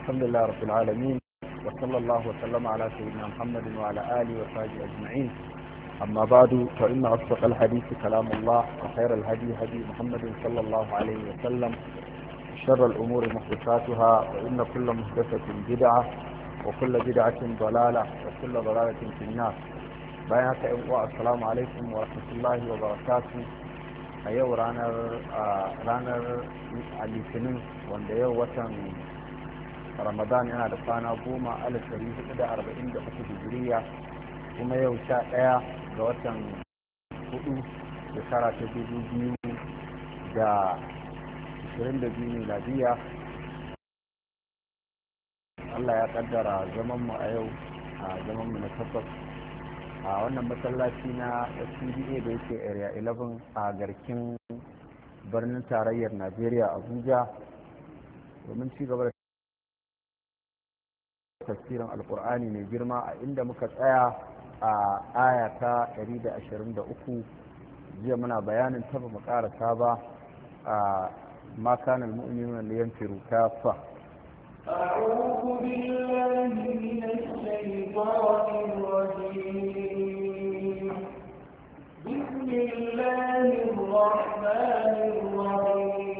الحمد لله رب العالمين وصلى الله وسلم على سيدنا محمد وعلى آله وصحبه أجمعين أما بعد فإن أصدق الحديث كلام الله وخير الهدي هدي محمد صلى الله عليه وسلم شر الأمور محدثاتها وإن كل محدثة بدعة وكل بدعة ضلالة وكل ضلالة في الناس بيانك السلام عليكم ورحمة الله وبركاته a أيوة، yau رانر litinin آه، سنين وانديو وطن ramadan yana da kwana goma alif dari hudu da arba'in da uku hijiriya kuma yau sha ɗaya ga watan hudu shekara ta dubu biyu da ashirin da biyu miladiya Allah ya kaddara zaman mu a yau a zaman mu na tabbas a wannan masallaci na SCDA da yake area 11 a garkin birnin tarayyar Najeriya Abuja domin ci gaba da tafsirin alkur'ani mai girma a inda muka tsaya a aya ta 123 jiya muna bayanin taba mu ta ba a makan almu'minin da yanfiru kafa أعوذ بالله بسم الله الرحمن الرحيم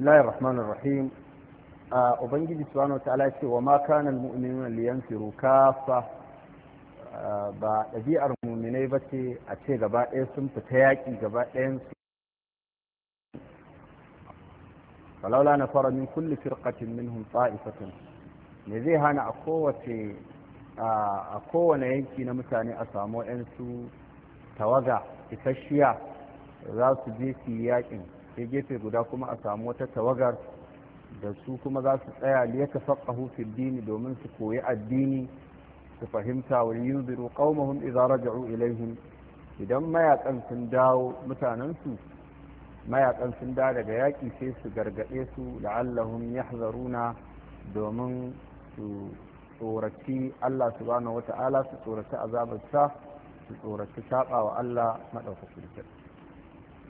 بسم الله الرحمن الرحيم أبنجي سبحانه وتعالى وما كان المؤمنون ينفروا كافة با دبي المؤمنين بتي أشي جبا إسم تتياكي جبا إنس فلولا نفر من كل فرقة منهم طائفة نزي هانا أقوة أقوة نينكي نمتاني أسامو إنسو توغع إتشيا راسو جيسي ياكي sai gefe guda kuma a samu wata tawagar da su kuma za su tsaya liya tafaqahu fil din domin su koyi addini su fahimta wa yunziru qaumahum idza raja'u ilaihim idan mayakan sun dawo mutanen su mayakan sun da daga yaki sai su gargade su la'allahum yahzaruna domin su tsoraci Allah subhanahu wata'ala su tsoraci azabarsa su tsoraci saɓa wa Allah madaukakin sarki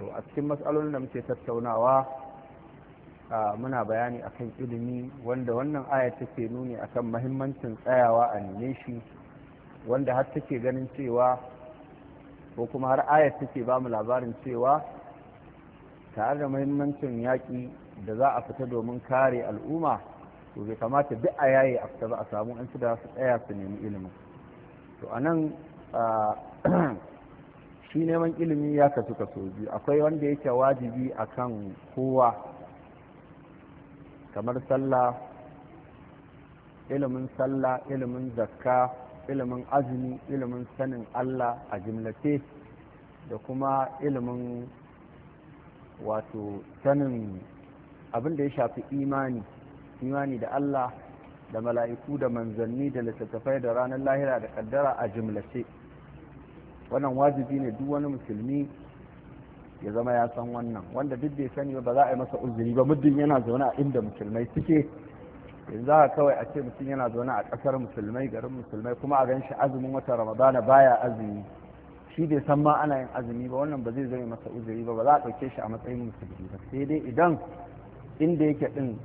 to a cikin matsalolin da muke tattaunawa muna bayani akan ilimi wanda wannan aya take nuni akan mahimmancin tsayawa a neme shi wanda har take ganin cewa ko kuma har ayar take ba mu labarin cewa tare da mahimmancin yaƙi da za a fita domin kare al'umma to bai kamata duk a yaye a fita ba a samu an da su tsaya su nemi ilimin to a nan shi neman ilimi ya kasu kaso biyu akwai wanda yake wajibi a kan kowa kamar sallah ilimin sallah ilimin zakka ilimin azumi ilimin sanin allah a jimlace da kuma ilimin wato sanin abin da ya shafi imani imani da allah da mala'iku da manzanni da littattafai da ranar lahira da kaddara a jimlace wannan wajibi ne duk wani musulmi ya zama ya san wannan wanda duk bai sani ba za a yi masa uzuri ba muddin yana zaune a inda musulmai suke yanzu haka kawai a ce mutum yana zaune a ƙasar musulmai garin musulmai kuma a gan shi azumin wata ramadana baya azumi shi bai san ma ana yin azumi ba wannan ba zai zama masa uzuri ba ba za a ɗauke shi a matsayin musulmi ba sai dai idan inda yake ɗin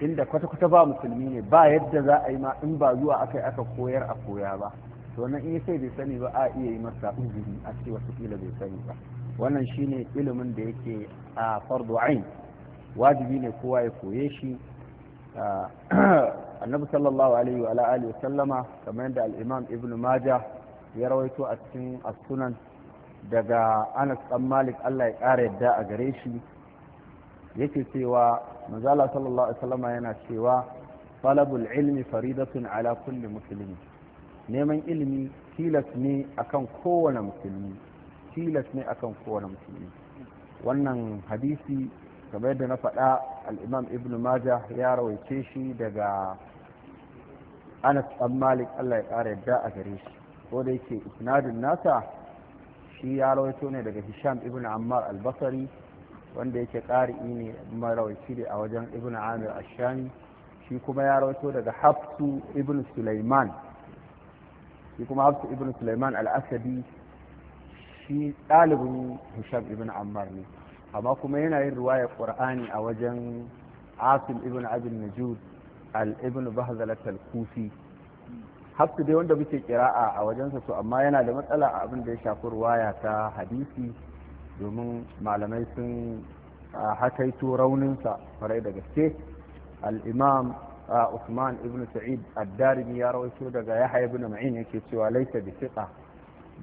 inda kwata-kwata ba musulmi ne ba yadda za a yi ma in ba zuwa aka yi aka koyar a koya ba to nan in sai bai sani ba a iya yi masa uzuri a ce wasu kila bai sani ba wannan shine ilimin da yake a fardu ain wajibi ne kowa ya koye shi annabi sallallahu alaihi wa alihi wa sallama kamar yadda al-imam ibnu majah ya rawaito a cikin as-sunan daga anas dan malik Allah ya kare yadda a gare shi yake cewa mazala sallallahu alaihi wa sallama yana cewa talabul ilmi faridatun ala kulli muslimin neman ilimi tilas ne akan kowane musulmi tilas ne akan kowane musulmi wannan hadisi kamar yadda na faɗa al'imam ibn maja ya rawaice shi daga anas ɗan malik allah ya ƙara yadda a gare shi ko da yake isnadin nasa shi ya rawaito ne daga hisham ibn ammar albasari wanda yake ƙari ne marawaci ne a wajen ibn amir ashami shi kuma ya rawaito daga hafsu ibn sulaiman shi kuma hafsu ibn sulaiman al shi ɗalibin hisham ibn ammar ne amma kuma yana yin ruwaya qur'ani a wajen asim ibn abin najud al-ibn bahzalat al-kufi hafsu dai wanda muke kira'a a wajensa to amma yana da matsala a abin da ya shafi ruwaya ta hadisi domin malamai sun ah, hakaito rauninsa farai da gaske al-imam Usman ibn Sa'id ad ya rawaito daga Yahya ibn Ma'in yake cewa laita bi thiqa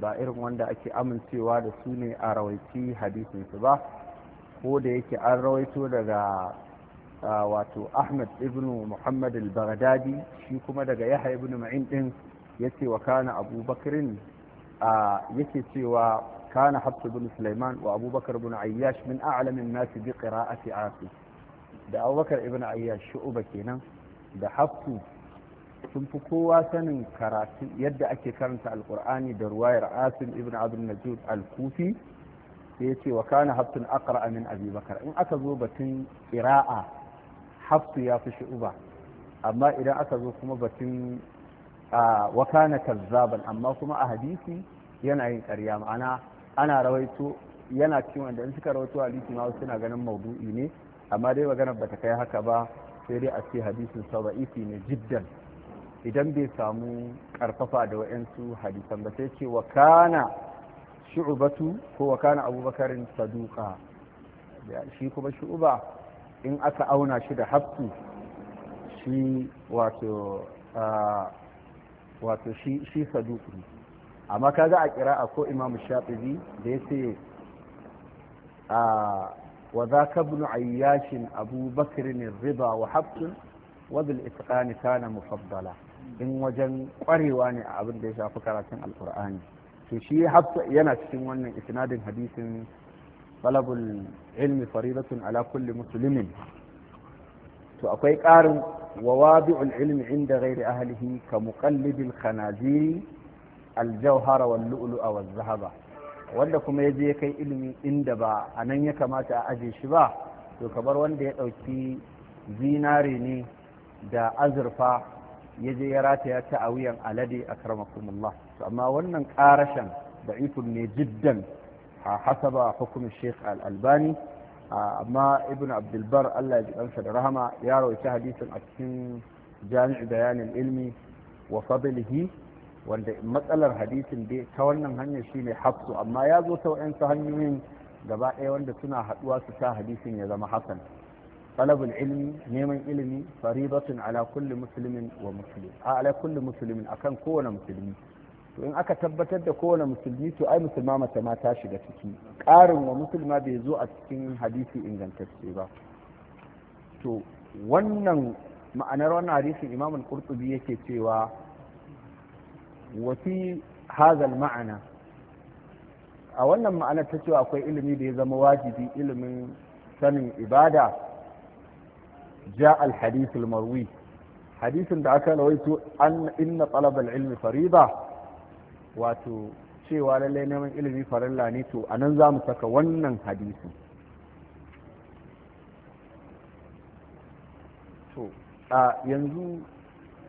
ba irin wanda ake amincewa da su ne a rawaiti hadisin su ba ko da yake an rawaito daga wato Ahmad ibn Muhammad al-Baghdadi shi kuma daga Yahya ibn Ma'in din yace wa kana Abu Bakrin yake cewa kana Hafs ibn Sulaiman wa Abu Bakr ibn Ayyash min a'lamin nasi bi qira'ati Asim da Abu Bakr ibn Ayyash shu'uba kenan da Haftu sun fi kowa sanin karatu yadda ake karanta alkur'ani da ruwayar asim ibn abdul najud al-kufi sai ce wa kana hafsun aqra min abi in aka zo batun Ira'a Haftu ya fi shu'uba amma idan aka zo kuma batun wa kana kazzaban amma kuma a hadisi yana yin karya ma'ana ana rawaito yana cikin da in suka rawaito hadisi ma suna ganin maudu'i ne amma dai magana bata kai haka ba sai dai a ce hadisin saba'ifi ne jiddan idan bai samu karfafa da wa'yansu hadisan ba sai ce wa kana shu'ubatu ko wa kana abubakarin saduka shi kuma shu'uba in aka auna shi da hafsu shi wato wato shi saduku amma kaga a kira'a ko imam shafi'i da ya وذاك ابن عياش أبو بكر الرضا وحبس وبالإتقان كان مفضلا إن وجن قريوان أبن ديشا فكرة القرآن في شيء حبس ينس من إسناد حديث طلب العلم فريضة على كل مسلم تأكوي كارم ووابع العلم عند غير أهله كمقلد الخنازير الجوهر واللؤلؤ والذهب wanda kuma ya je kai ilimi inda ba a nan ya kamata a aje shi ba to kamar wanda ya ɗauki zinare ne da azurfa ya je ya rataya ta a wuyan alade a karmakumullah to amma wannan ƙarashen da ifin ne jiddan a hasaba hukumin sheikh al-albani amma ibn abdulbar allah ya ji da rahama ya rawaita hadisin a cikin jami'u bayanin ilmi wa fadlihi wanda matsalar hadisin dai ta wannan hanyar shi ne hafsu amma ya zo ta wa'yansu hanyoyin gaba ɗaya wanda suna haɗuwa su sa hadisin ya zama hasan talabul ilmi neman ilimi faridatun ala kulli musulmin wa muslim ala kulli musulmin akan kowane musulmi to in aka tabbatar da kowane musulmi to ai musulma mata ma ta shiga ciki ƙarin wa musulma bai zo a cikin hadisi ingantacce ba to wannan ma'anar wannan hadisin imamul qurtubi yake cewa وفي هذا ma'ana, a wannan ma'anar ta cewa akwai ilimi da ya zama wajibi ilimin sanin ibada ja alhadisul marwi hadisin da aka rawaito an inna talabal ilmi fariba wato cewa lallai neman ilimi farilla ne to a nan za mu saka wannan hadisin to a yanzu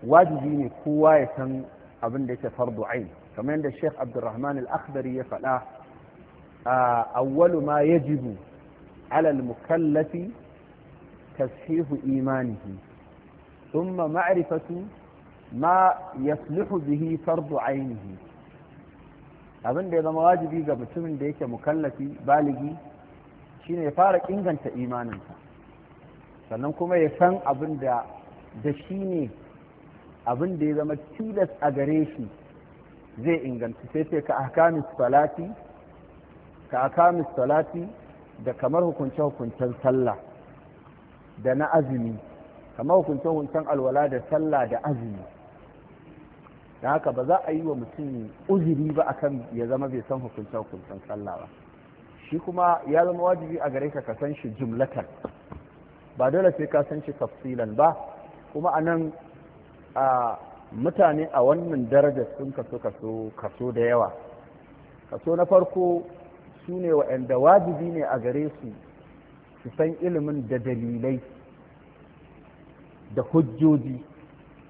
wajibi ne kowa ya san abin da yake fardu ain kamar yadda Sheikh Abdulrahman Al-Akhdari ya faɗa awwalu ma yajibu alal mukallafi tashihu imanihi thumma ma'rifatu ma yaslihu bihi fardu ainihi abin da ya zama wajibi ga mutumin da yake mukallafi baligi shine ya fara inganta imaninsa sannan kuma ya san abin da da shi ne abin da ya zama tilas a gare shi zai inganta sai ce ka akamis salati ka akamis salati da kamar hukunce hukuncen sallah da na azumi kamar hukunce hukuncen alwala da sallah da azumi da haka ba za a yi wa mutum uzuri ba akan ya zama bai san hukunce hukuncen sallah ba shi kuma ya zama wajibi a gare ka ka san shi jumlatan ba dole sai ka san shi tafsilan ba kuma anan a mutane a wannan darajar sun kaso kaso kaso da yawa kaso na farko su ne wa'anda wajibi ne a gare su su san ilimin da dalilai da hujjoji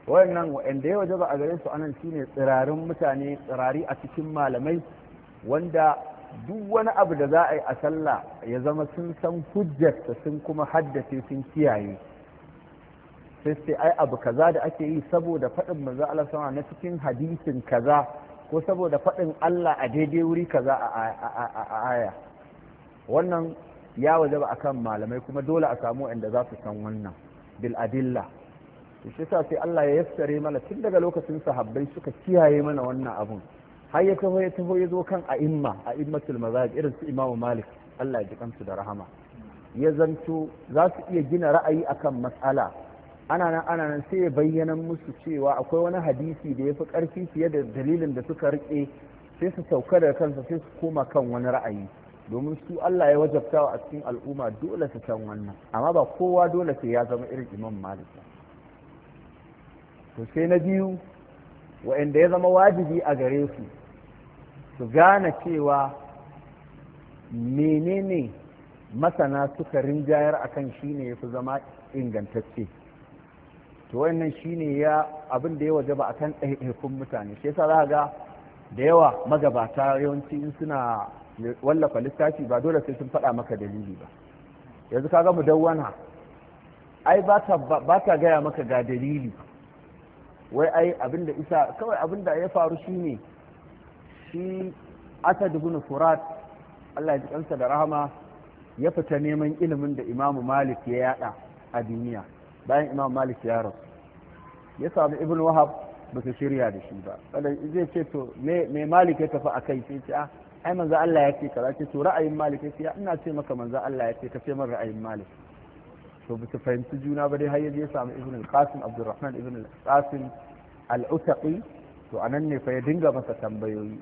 wayannan wa'anda yawa jaba a gare su anan su ne tsirarin mutane tsirari a cikin malamai wanda duk wani abu da za a yi a sallah ya zama sun san hujjarsa sun kuma haddace sun kiyaye sai sai ai abu kaza da ake yi saboda faɗin manzo Allah sama na cikin hadisin kaza ko saboda faɗin Allah a daidai wuri kaza a aya wannan ya wajaba akan malamai kuma dole a samu inda za su san wannan bil adilla to shi sai Allah ya yassare mana tun daga lokacin sahabbai suka kiyaye mana wannan abun har ya taho ya taho ya zo kan a'imma immatul mazahib irin su Imam Malik Allah ya ji kansu da rahama ya zanto za su iya gina ra'ayi akan matsala ana nan ana nan sai ya bayyana musu cewa akwai wani hadisi da ya fi ƙarfi fiye da dalilin da suka riƙe sai su sauka da kansa sai su koma kan wani ra'ayi domin su Allah ya wajabta a cikin al'umma dole su san wannan amma ba kowa dole sai ya zama irin imam malik to sai na biyu wa'anda ya zama wajibi a gare su su gane cewa menene masana suka rinjayar akan shine ya fi zama ingantacce to wannan shine ya abin da ya a akan ɗaiɗaikun mutane shi yasa za ga da yawa magabata yawanci in suna wallafa littafi ba dole sai sun faɗa maka dalili ba yanzu ka kaga mudawwana ai ba ta gaya maka ga dalili wai ai abin da isa kawai abin da ya faru shine shi asad ibn furat Allah ya ji kansa da rahama ya fita neman ilimin da imamu malik ya yada a duniya bayan imam malik ya rasu ya sami ibn wahab ba su shirya da shi ba zai ce to me malik ya tafi a kai sai ce a ah, ai manzo Allah ya ce kaza ce to ra'ayin malik ya ce ina ce maka manzo Allah ya ce ka ce min ra'ayin malik to ba su fahimci juna ba dai har ya sami ibn al-qasim abdurrahman ibn al-qasim al-utaqi to anan ne fa ya dinga masa tambayoyi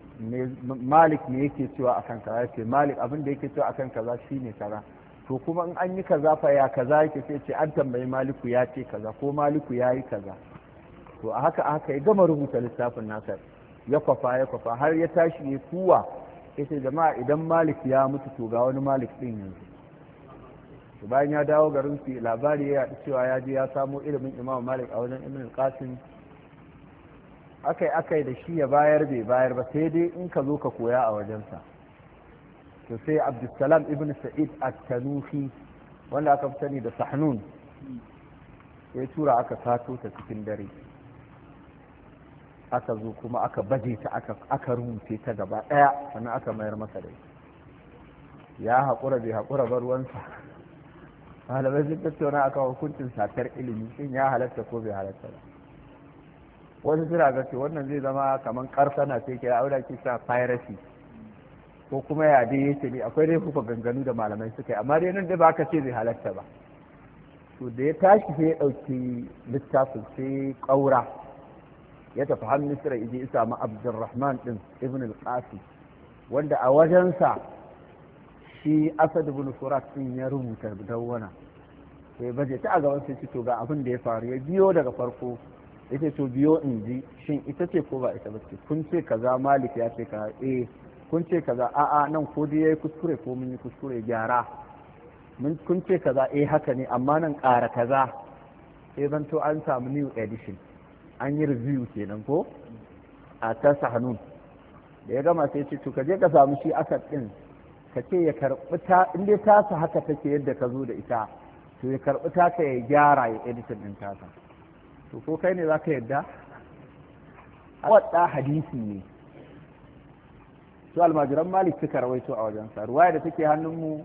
malik ne yake cewa akan kaza ya ce malik abin da yake cewa akan kaza shine kaza to kuma in an yi kaza fa ya kaza yake sai ce an tambayi maliku ya ce kaza ko maliku ya yi kaza to a haka haka ya gama rubuta littafin nasa ya kwafa ya kwafa har ya tashi ya kuwa ya ce jama'a idan malik ya mutu to ga wani malik din yanzu to bayan ya dawo garin su labari ya yaɗu cewa ya je ya samo ilimin imam malik a wajen ibn qasim akai akai da shi ya bayar bai bayar ba sai dai in ka zo ka koya a wajensa to sai abdulsalam ibn sa'id at-tanufi wanda aka fi sani da sahnun ya tura aka sato ta cikin dare aka zo kuma aka baje ta aka rumfe ta gaba daya sannan aka mayar masa dai ya haƙura bai haƙura ba ruwansa malamai sun tattauna aka hukuncin satar ilimi shin ya halatta ko bai halatta ba wasu suna ga ce wannan zai zama kamar karsana sai ke aure kisa sa piracy ko kuma ya dai yake ne akwai dai kuka ganganu da malamai suka yi amma dai nan da ba ka ce bai halarta ba to da ya tashi sai ya ɗauki littafin sai ƙaura ya tafi hannu sura ije isa ma abdurrahman din ibn al-qasi wanda a wajensa shi asad ibn surat din ya rubuta dawwana sai baje ta a gaban sai ce to ga abin da ya faru ya biyo daga farko yace to biyo in ji shin ita ce ko ba ita ba ce kun ce kaza malik ya ce ka eh kun ce kaza a'a nan ko dai yayi kuskure ko mun yi kuskure gyara mun kun ce kaza eh haka ne amma nan ƙara kaza sai zanto an samu new edition an yi review kenan ko a ta sahanun da ya gama sai ce to ka je ka samu shi asad din ka ce ya karɓi ta in dai tasa haka take yadda ka zo da ita to ya karɓi ka ya gyara ya edition ɗin tasa to ko kai ne za ka yadda wadda hadisi ne to almajiran malik suka rawaito a wajen sa ruwaya da take hannunmu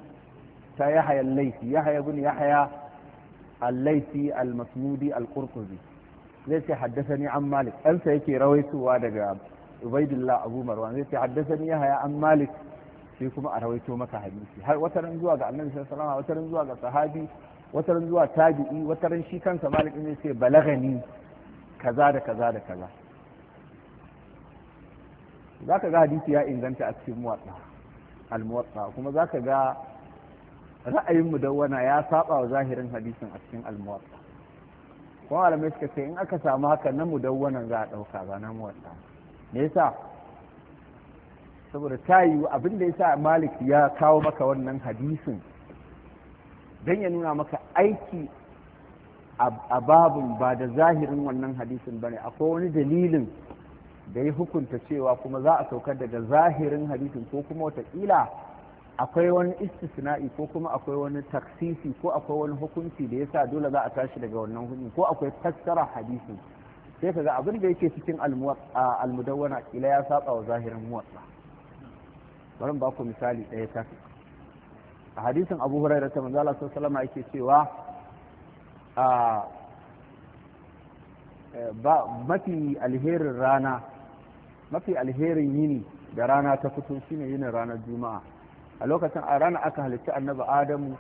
ta yahaya laifi yahaya bin yahaya al-laifi al-masmudi al-qurtubi zai ce haddasani an malik ɗansa yake rawaitowa daga ubaidillah abu marwan zai ce haddasani yahaya an malik sai kuma a rawaito maka hadisi har wataran zuwa ga annabi sallallahu alaihi wasallam wataran zuwa ga sahabi wata wataran zuwa tabi'i wata wataran shi kansa malik ne sai balagani kaza da kaza da kaza za ka ga hadisi ya inganta a cikin muwatsa almuwatsa kuma za ka ga ra'ayin mudawwana ya saba wa zahirin hadisin a cikin almuwatsa kuma malamai suka ce in aka samu haka na mudawwana za a ɗauka ba na muwatsa me yasa saboda ta yiwu abin da sa malik ya kawo maka wannan hadisin don ya nuna maka aiki a babun ba da zahirin wannan hadisin bane akwai wani dalilin da ya hukunta cewa kuma za a saukar daga zahirin hadisin ko kuma watakila akwai wani istisna'i ko kuma akwai wani taksisi ko akwai wani hukunci da ya sa dole za a tashi daga wannan hukunci ko akwai fassara hadisin sai kaga abin da yake cikin almudawwana ila ya saba wa zahirin muwatsa bari ba ku misali ɗaya ta a hadisin abu huraira ta manzo Allah sallallahu alaihi yake cewa a mafi alherin rana mafi alherin yini da rana ta fito shine yin ranar juma'a a lokacin a rana aka halitta annabi adamu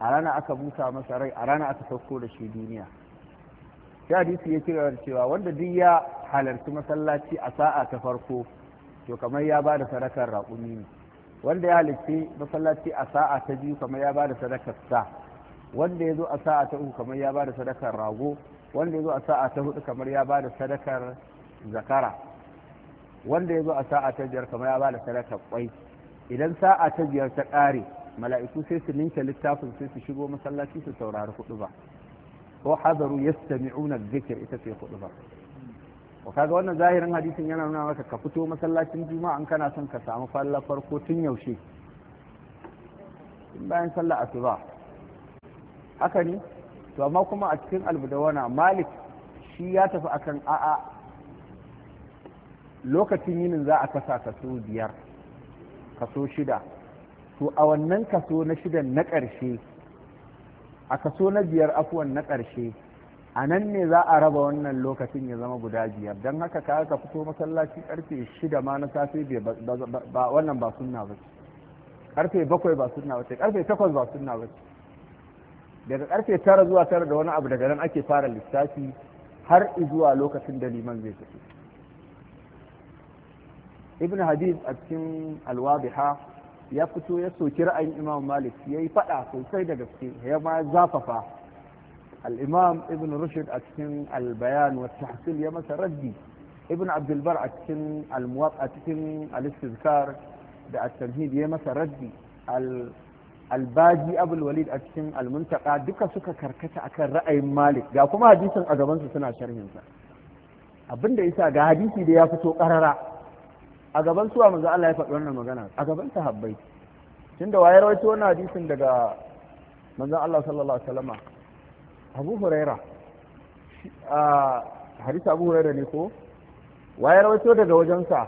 a rana aka busa masa rai a rana aka sauko da shi duniya sai hadisi ya kira da cewa wanda duk ya halarci masallaci a sa'a ta farko to kamar ya ba da sadakar raƙumi ne wanda ya halarci masallaci a sa'a ta biyu kamar ya ba da sadakar sa wanda ya zo a sa'a ta uku kamar ya ba da sadakar rago wanda ya zo a sa'a ta hudu kamar ya ba da sadakar zakara wanda ya zo a sa'a ta biyar kamar ya ba da sadaka kwai idan sa'a ta biyar ta ƙare mala'iku sai su ninke littafin sai su shigo masallaci su saurari hudu ba ko hadaru yastami'una dhikr ita ce hudu ba wa kaga wannan zahirin hadisin yana nuna maka ka fito masallacin juma'a an kana son ka samu falla farko tun yaushe bayan sallah asuba haka ne to amma kuma a cikin albudawana malik shi ya tafi akan a'a lokacin yinin za a kasa kaso biyar kaso shida to a wannan kaso na shidan na ƙarshe a kaso na biyar afuwan na ƙarshe a nan ne za a raba wannan lokacin ya zama guda biyar don haka ka ka fito masallaci ƙarfe shida ma na safe ba wannan ba sunna ba ce ƙarfe bakwai ba sunna ba ce ƙarfe takwas ba sunna ba ce daga ƙarfe tara zuwa tara da wani abu daga nan ake fara lissafi har zuwa lokacin da liman zai tafi ibn habib a cikin alwadiha ya fito ya soki ra'ayin imam malik ya yi faɗa sosai da gaske ya ma zafafa al'imam ibn rushd a cikin albayan wa tahsil ya masa raddi ibn abdulbar a cikin almuwaq a cikin alistizkar da at-tamhid ya masa raddi albaji abul walid a cikin almuntaka duka suka karkata akan ra'ayin malik ga kuma hadisin a gabansu suna sharhinsa abinda yasa ga hadisi da ya fito ƙarara a gaban suwa manzo Allah ya faɗi wannan magana a gaban sahabbai tunda waye rawaito wannan hadisin daga manzon Allah sallallahu alaihi wasallama Abu Huraira a hadisi Abu Huraira ne ko waye rawaito daga wajensa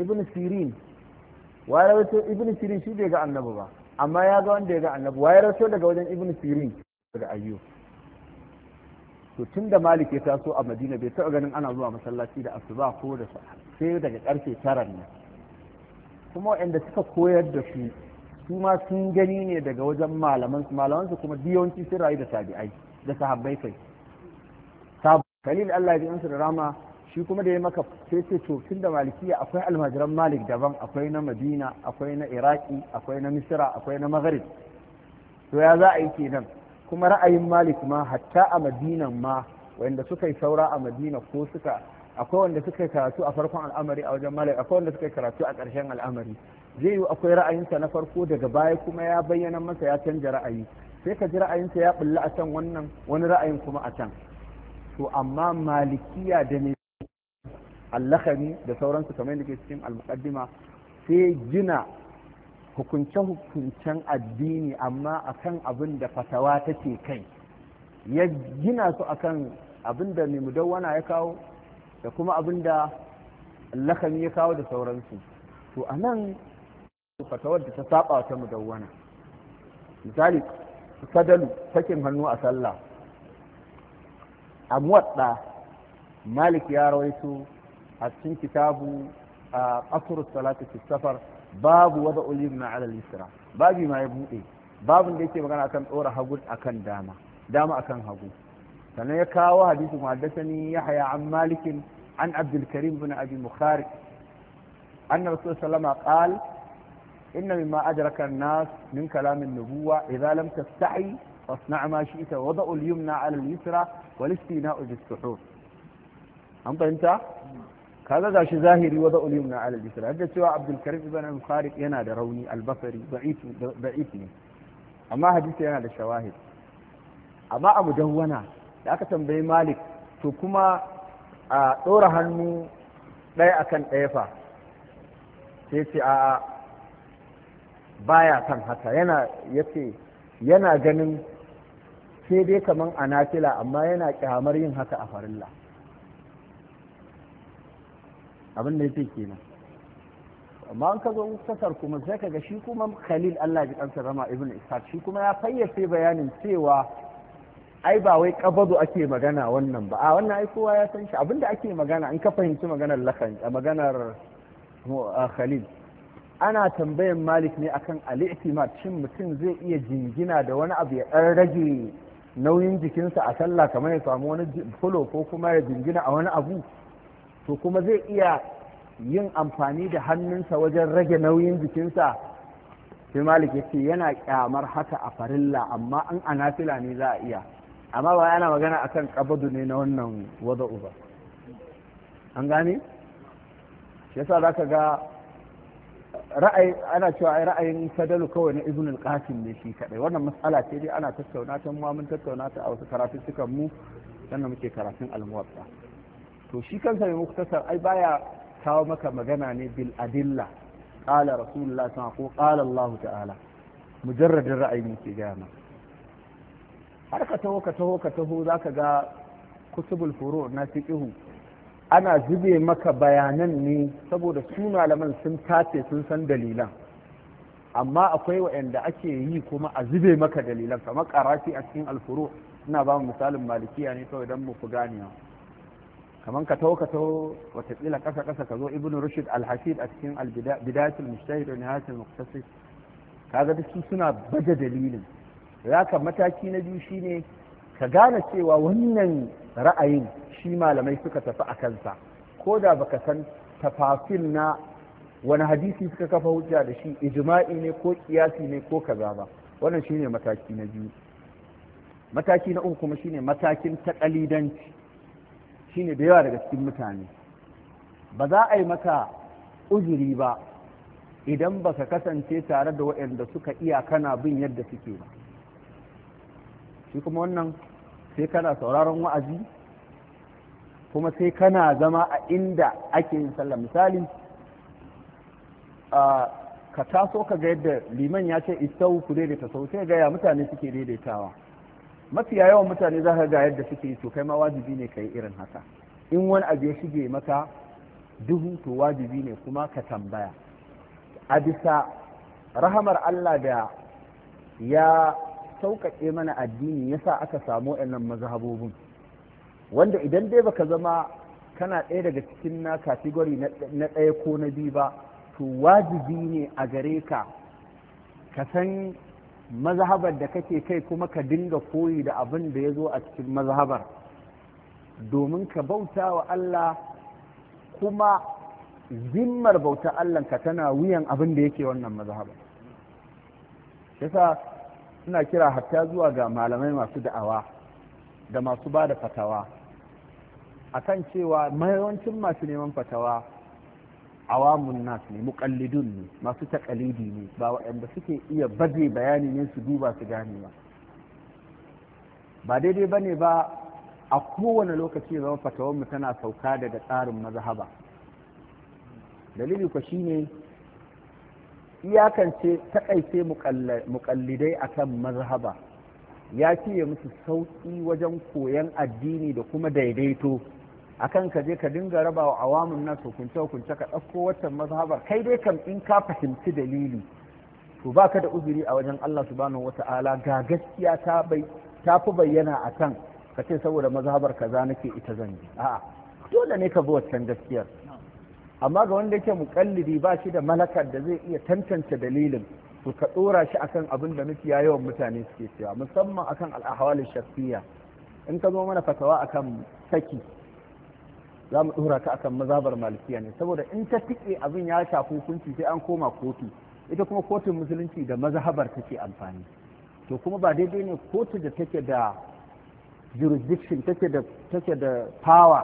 Ibn Sirin waye rawaito Ibn Sirin shi bai ga annabi ba amma ya ga wanda ya ga annabi waye rawaito daga wajen Ibn Sirin daga Ayyub to tun da malik ya taso a madina bai taɓa ganin ana zuwa masallaci da asuba ko da sai daga karfe tara ne kuma waɗanda suka koyar da su su ma sun gani ne daga wajen malaman su malaman su kuma biyawanci sun rayu da tabi'ai da sahabbai kai kalil Allah ya ji da rama shi kuma da ya maka sai ce to tun da malikiya akwai almajiran malik daban akwai na madina akwai na iraki akwai na misira akwai na maghrib to ya za a yi kenan kuma ra'ayin malik ma hatta a madinan ma wanda suka yi saura a madina ko suka akwai wanda suka yi karatu a farkon al'amari a wajen malik akwai wanda suka yi karatu a ƙarshen al'amari zai yi akwai ra'ayinsa na farko daga baya kuma ya bayyana masa ya canja ra'ayi sai ka ji ra'ayinsa ya bulla a can wannan wani ra'ayin kuma a can to amma malikiya da ne allakari da sauransu kamar yadda ke cikin al sai gina hukunce-hukuncen addini amma akan abin da fatawa take kai ya gina su akan abin da mai mudawwana ya kawo da kuma abin da lakami ya kawo da sauransu to a nan fatawar da ta saba ta mudawwana misali sadalu sakin hannu a sallah a muwadda malik ya rawaito a cikin kitabu قصر الصلاة في السفر باب وضع اليمنى على اليسرى باب ما يبوئي باب اللي مكان أكن أورا هبوت أكن داما داما أكن هبوت فأنا يكاوى حديث محدثني يحيى عن مالك عن عبد الكريم بن أبي مخارق أن رسول الله صلى الله عليه وسلم قال إن مما أدرك الناس من كلام النبوة إذا لم تستحي فاصنع ما شئت وضع اليمنى على اليسرى والاستيناء بالسحور أنت أنت kaga shi zahiri wa za'ul ala al da cewa abdul karim ibn al-kharib yana da rauni al-basri da'if ne amma hadisi yana da shawahid amma abu dawwana da aka tambayi malik to kuma a ɗora hannu ɗaya akan ɗaya fa sai ce a baya kan haka yana yace yana ganin sai dai kaman anafila amma yana kyamar yin haka a farilla abin da yake kenan amma an ka zo kasar kuma sai ka ga shi kuma khalil Allah ji kansa rama Ibnu ishaq shi kuma ya fayyace bayanin cewa ai ba wai kabado ake magana wannan ba a wannan ai kowa ya san shi abinda ake magana an ka fahimci maganar lakan maganar uh, khalil ana tambayan malik ne akan al-i'timad shin mutum zai iya jingina da wani abu ya dan rage nauyin jikinsa a sallah kamar ya samu wani fulo ko kuma ya jingina a wani abu to kuma zai iya yin amfani da hannunsa wajen rage nauyin jikinsa sai malik ya ce yana kyamar haka a farilla amma an anafila ne za a iya amma ba yana magana akan kabadu ne na wannan wada'u ba an gane shi yasa za ka ga ra'ayi ana cewa ra'ayin sadalu kawai na ibn al-qasim ne shi kadai wannan matsala ce dai ana tattauna ta mu mun tattauna ta a wasu karatun mu sannan muke karatun al-muwatta to shi kansa mai muktasar ai baya kawo maka magana ne bil adilla qala rasulullah ta ko qala Allah ta'ala mujarradin ra'ayi ne ke gaya ma har ka taho ka taho ka taho zaka ga kutubul furu na fiqhu ana zube maka bayanan ne saboda su malaman sun tace sun san dalilan amma akwai waɗanda ake yi kuma a zube maka dalilan kamar karafi a cikin alfuru ina ba mu misalin malikiya ne kawai don mu fi ganewa kamar ka tau ka tau watakila kasa kasa ka zo ibn rushd al-hafid a cikin al-bidayatul mujtahid wa muqtasid kaga duk su suna baje dalilin zaka mataki na biyu shine ka gane cewa wannan ra'ayin shi malamai suka tafi a kansa ko da baka san tafafin na wani hadisi suka kafa hujja da shi ijma'i ne ko kiyasi ne ko kaza ba wannan shine mataki na biyu mataki na uku kuma shine matakin takalidanci shine da yawa daga cikin mutane ba za a yi maka uzuri ba idan ba ka kasance tare da waɗanda suka iya kana bin yadda suke ba shi kuma wannan sai kana sauraron wa'azi kuma sai kana zama a inda ake yin sallah misali ka taso ka ga yadda liman ya ce isau ku daidaita sau sai gaya mutane suke daidaitawa mafiya yawan mutane za ka ga yadda suke yi to kai ma wajibi ne ka yi irin haka in wani abu ya shige maka duhu to wajibi ne kuma ka tambaya a bisa rahamar Allah da ya sauƙaƙe mana addini yasa aka samu yannan mazhabobin wanda idan dai baka zama kana ɗaya daga cikin na kategori na ɗaya ko na biyu ba to wajibi ne a gare ka ka san mazhabar da kake kai kuma ka dinga koyi da abin da ya zo a cikin mazhabar domin ka bauta wa Allah kuma zimmar bauta Allah ka tana wuyan abin da yake wannan mazhabar yasa ina kira hatta zuwa ga malamai masu da'awa da masu ba da fatawa akan cewa mayawancin masu neman fatawa awamun nas ne muƙallidun ne masu taƙalidi ne ba waɗanda suke iya baje bayani ne su duba su gane ba ba daidai ba ne ba a kowane lokaci zama fatawarmu tana sauka daga tsarin mazhaba dalili ku ne iyakance taƙaice muƙallidai akan mazhaba ya ce musu sauƙi wajen koyon addini da kuma daidaito akan ka je ka dinga raba wa awamun nan hukunce hukunce ka ɗauko wata mazhabar kai dai kam in ka fahimci dalili to baka da uzuri a wajen Allah subhanahu wata'ala ga gaskiya ta bai ta fi bayyana a kan ka ce saboda mazhabar kaza nake ita zan yi a'a dole ne ka bi wancan gaskiyar amma ga wanda yake mukallidi ba shi da malakar da zai iya tantance dalilin to ka dora shi akan abin da muke yawan mutane suke cewa musamman akan al'ahwal shafiya in ka zo mana fatawa akan saki za mu ɗora ta akan mazabar malikiya ne saboda in ta tike abin ya shafi hukunci sai an koma kotu ita kuma kotun musulunci da mazhabar take amfani to kuma ba daidai ne kotu da take da jurisdiction take da take da power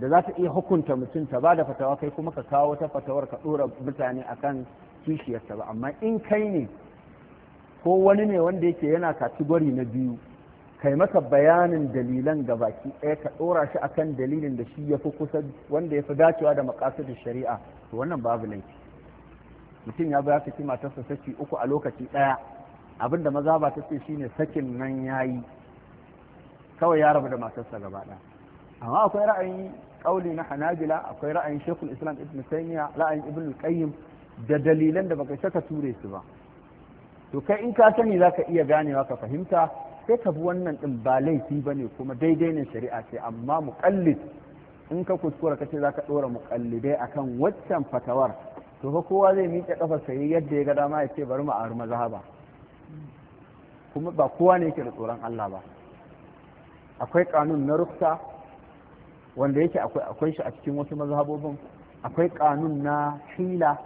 da za ta iya hukunta mutum ta ba da fatawa kai kuma ka kawo ta fatawar ka dora mutane akan kishiyarta ba amma in kai ne ko wani ne wanda yake yana gwari na biyu kai masa bayanin dalilan ga baki ɗaya ka ɗora shi kan dalilin da shi ya fi kusa wanda ya fi dacewa da makasar shari'a to wannan babu laifi mutum ya ya saki matarsa saki uku a lokaci ɗaya abin da maza ba ta ce shine sakin nan ya yi kawai ya rabu da matarsa gaba ɗaya amma akwai ra'ayin ƙauli na hanabila akwai ra'ayin shekul islam ibn taymiya ra'ayin ibn qayyim da dalilan da baka saka ture su ba to kai in ka sani za ka iya ganewa ka fahimta sai ka bi wannan ɗin ba laifi ba ne kuma daidai ne shari'a ce amma muƙallid in ka kuskura ka ce ka ɗora muƙallidai a kan waccan fatawar to fa kowa zai miƙe ƙafar sai yadda ya ga dama ya ce bari mu aure ba kuma ba kowa ne yake da tsoron Allah ba akwai kanun na ruksa wanda yake akwai shi a cikin wasu mazhabobin akwai kanun na hila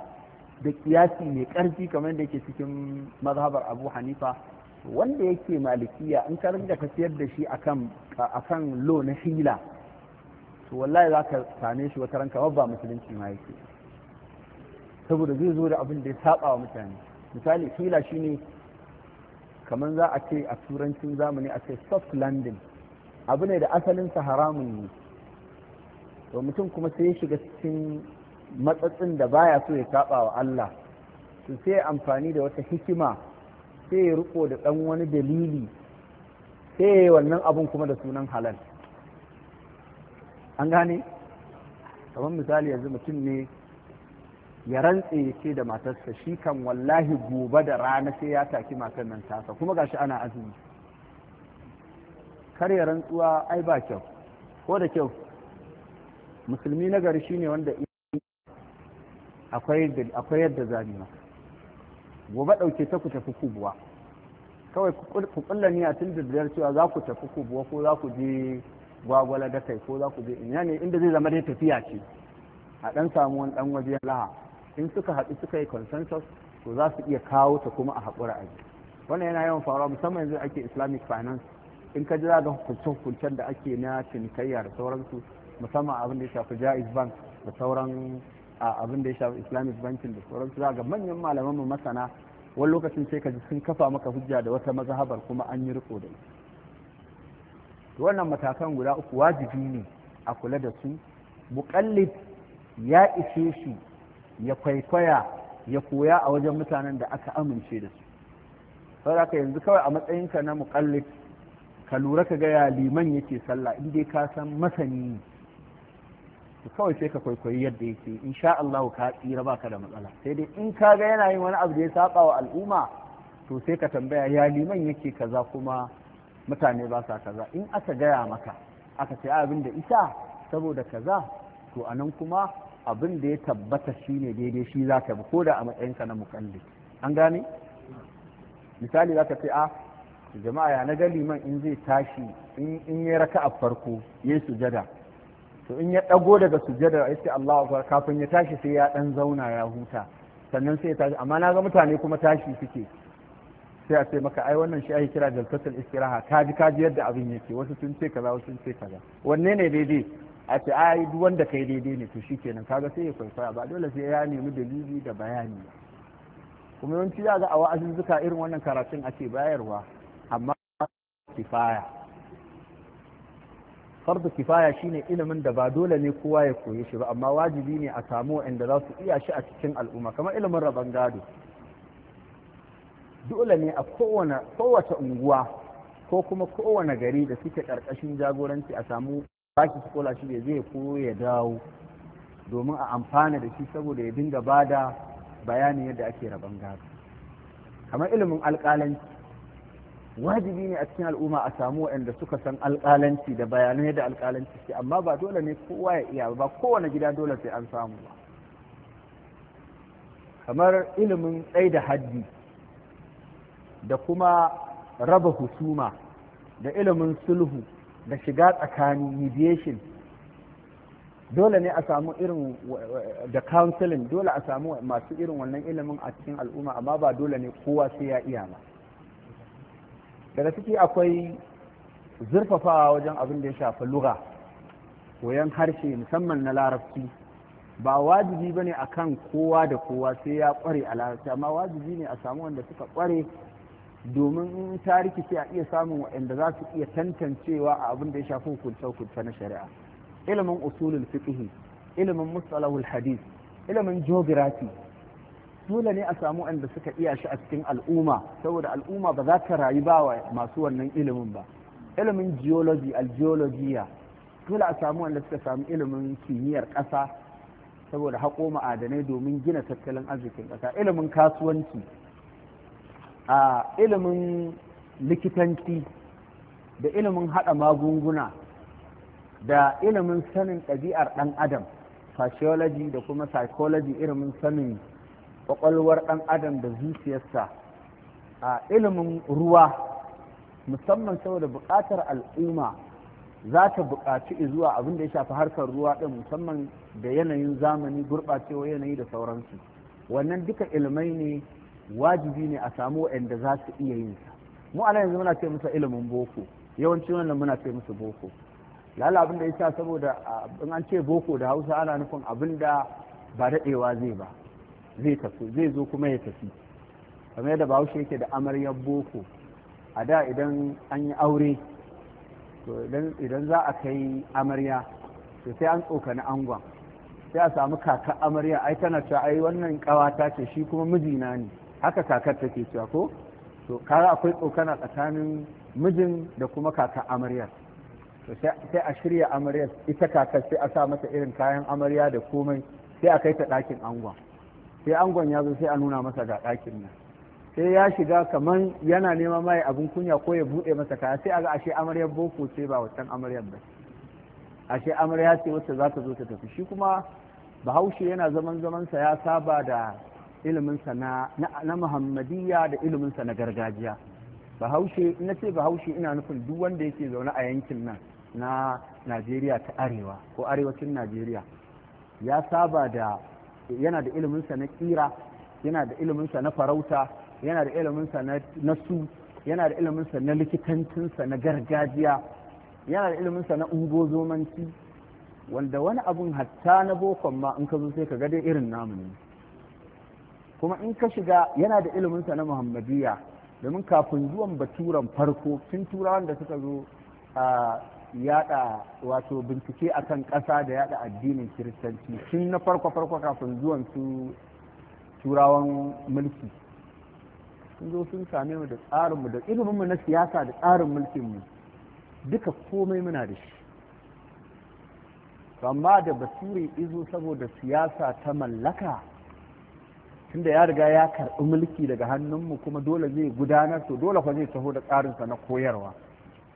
da kiyasi mai karfi kamar da yake cikin mazhabar abu hanifa wanda yake malikiya in ka ringa siyar da shi akan akan lo na hila to wallahi za ka same shi wata ranka ba musulunci ma yake saboda zai zo da abin da ya saba wa mutane misali hila shine kamar za a ce a turancin zamani a ce soft landing abu ne da asalin sa haramun ne to mutum kuma sai ya shiga cikin matsatsin da baya so ya saba wa Allah to sai amfani da wata hikima sai ya riko da ɗan wani dalili sai ya yi wannan abun kuma da sunan halal an gane kamar misali yanzu mutum ne ya rantse ya ce da matarsa shi kan wallahi gobe da rana sai ya taki matar nan tasa kuma gashi ana azumi kar ya rantsuwa ai ba kyau ko da kyau musulmi na gari shine wanda akwai yadda zami gobe ɗauke ta ku tafi kubuwa kawai ku kulla niyya tun da cewa za ku tafi kubuwa ko za ku je gwagwala da kai ko za ku je ina ne inda zai zama dai tafiya ce a ɗan samu wani ɗan waje laha in suka haɗu suka yi consensus to za su iya kawo ta kuma a haƙura aji wannan yana yawan faruwa musamman yanzu ake islamic finance in ka jira ga hukuncen da ake na cinikayya da sauransu musamman abin da ya shafi jaiz bank da sauran a abin da ya shafi islamic banking da sauransu za ga manyan malaman mu masana wani lokacin sai ka ji sun kafa maka hujja da wata mazhabar kuma an yi riko da ita wannan matakan guda uku wajibi ne a kula da su muqallid ya ishe shi ya kwaikwaya ya koya a wajen mutanen da aka amince da su saboda ka yanzu kawai a matsayinka na muqallid ka lura ka ga ya liman yake sallah in dai ka san masani ne kawai sai ka kwaikwayi yadda yake sha Allah ka tsira baka da matsala sai dai in ka ga yana yin wani abu da ya saba wa al'umma to sai ka tambaya ya liman yake kaza kuma mutane ba sa kaza in aka gaya maka aka ce abin da isa saboda kaza to anan kuma abin da ya tabbata shine daidai shi za ka bi ko da a matsayinka na mukalli an gane misali za ka ce a jama'a ya na ga liman in zai tashi in ya raka a farko Yesu sujada to in ya dago daga sujjadar ai sai Allahu akbar kafin ya tashi sai ya ɗan zauna ya huta sannan sai ya tashi amma na ga mutane kuma tashi suke sai a ce maka ai wannan shi ake kira jalsatul istiraha kaji kaji yadda abin yake wasu sun ce kaza wasu sun ce kaza wanne ne daidai a ce ai duk wanda kai daidai ne to shikenan kaga sai ya kwaikwaya ba dole sai ya nemi dalili da bayani kuma yawanci za ga a wa'azin zuka irin wannan karatun ake bayarwa amma kifaya fardu kifaya shine ilimin da ba dole ne kowa ya koye shi ba amma wajibi ne a samu inda za su iya shi a cikin al'umma kamar ilimin rabon gado dole ne a kowace unguwa ko kuma kowane gari da suke ƙarƙashin jagoranci a samu baki su kola shi da zai koyo dawo domin a amfana da shi saboda ya dinga bada bayanin yadda ake rabon gado kamar ilimin alƙalanci wajibi ne a cikin al'umma a samu waɗanda suka san alƙalanci da bayanai da alƙalanci ke amma ba dole ne kowa ya iya ba kowane gida dole sai an samu ba kamar ilimin tsaida da haddi da kuma raba husuma da ilimin sulhu da shiga tsakani mediation dole ne a samu irin da counseling dole a samu masu irin wannan ilimin a cikin al'umma amma ba dole ne kowa sai ya iya ba daga ciki akwai zurfafawa wajen abin da ya shafi lura koyon harshe musamman na larabci ba wajibi ba ne a kan kowa da kowa sai ya kware a larabci amma wajibi ne a samu wanda suka kware domin ta rikice a iya samun waɗanda za su iya tantancewa a abin da ya shafi hukunce-hukunce na shari'a ilimin usulul fiqh ilimin mustalahul hadith ilimin geography dole ne a samu wanda suka iya shi a cikin al'umma saboda al'umma ba za ta rayu ba wa masu wannan ilimin ba ilimin geology algeologiya dole a samu wanda suka samu ilimin kimiyyar ƙasa saboda haƙo ma'adanai domin gina tattalin arzikin ƙasa ilimin kasuwanci a ilimin likitanci da ilimin haɗa magunguna da ilimin sanin ɗabi'ar ɗan adam sociology da kuma psychology ilimin sanin kwakwalwar ɗan adam da zuciyarsa a ilimin ruwa musamman saboda buƙatar al'umma za ta buƙaci zuwa abin da ya shafi harkar ruwa ɗin musamman da yanayin zamani gurɓacewa yanayi da sauransu wannan duka ilimai ne wajibi ne a samu waɗanda za su iya yin sa mu ana yanzu muna ce musu ilimin boko yawanci wannan muna ce musu boko lala abin da ya sa saboda in an ce boko da hausa ana nufin abin da ba daɗewa zai ba zai tafi zai zo kuma ya tafi kamar yadda bahaushe yake da amaryar boko a da idan an yi aure to idan za a kai amarya to sai an tsokani angon sai a samu kakar amarya ai tana cewa ai wannan kawata ce shi kuma mijina ne haka kakar take cewa ko to kaga akwai tsokana tsakanin mijin da kuma kakar amaryar to sai a shirya amaryar ita kakar sai a sa mata irin kayan amarya da komai sai a kai ta ɗakin angon sai angon ya zo sai a nuna masa ga ɗakin nan sai ya shiga kamar yana nema mai abin kunya ko ya buɗe masa kaya sai a ga ashe amaryar boko sai ba wancan amaryar ba ashe amarya ce wacce za ta zo ta tafi shi kuma bahaushe yana zaman zamansa ya saba da iliminsa na, na, muhammadiyya da iliminsa na gargajiya bahaushe ina ce bahaushe ina nufin duk wanda yake zaune a yankin nan na najeriya ta arewa ko arewacin najeriya ya saba da yana da iliminsa na kira yana da iliminsa na farauta yana da iliminsa na su yana da iliminsa na likitancinsa na gargajiya yana da iliminsa na ungozomanci wanda wani abun hatta na bokon ma in ka zo sai ka ga dai irin namu ne kuma in ka shiga yana da iliminsa na muhammadiyya domin kafin zuwan baturan farko tun turawan da suka zo a ah, yada wato bincike akan kasa da yada addinin kiristanci tun na farko farko kafin zuwan su turawan mulki sun zo sun same mu da tsarinmu da iliminmu na siyasa da tsarin mulkinmu duka komai muna da shi amma da basire izo saboda siyasa ta mallaka tunda ya riga ya karbi mulki daga hannunmu kuma dole zai gudanar to dole fa zai taho da tsarinsa na koyarwa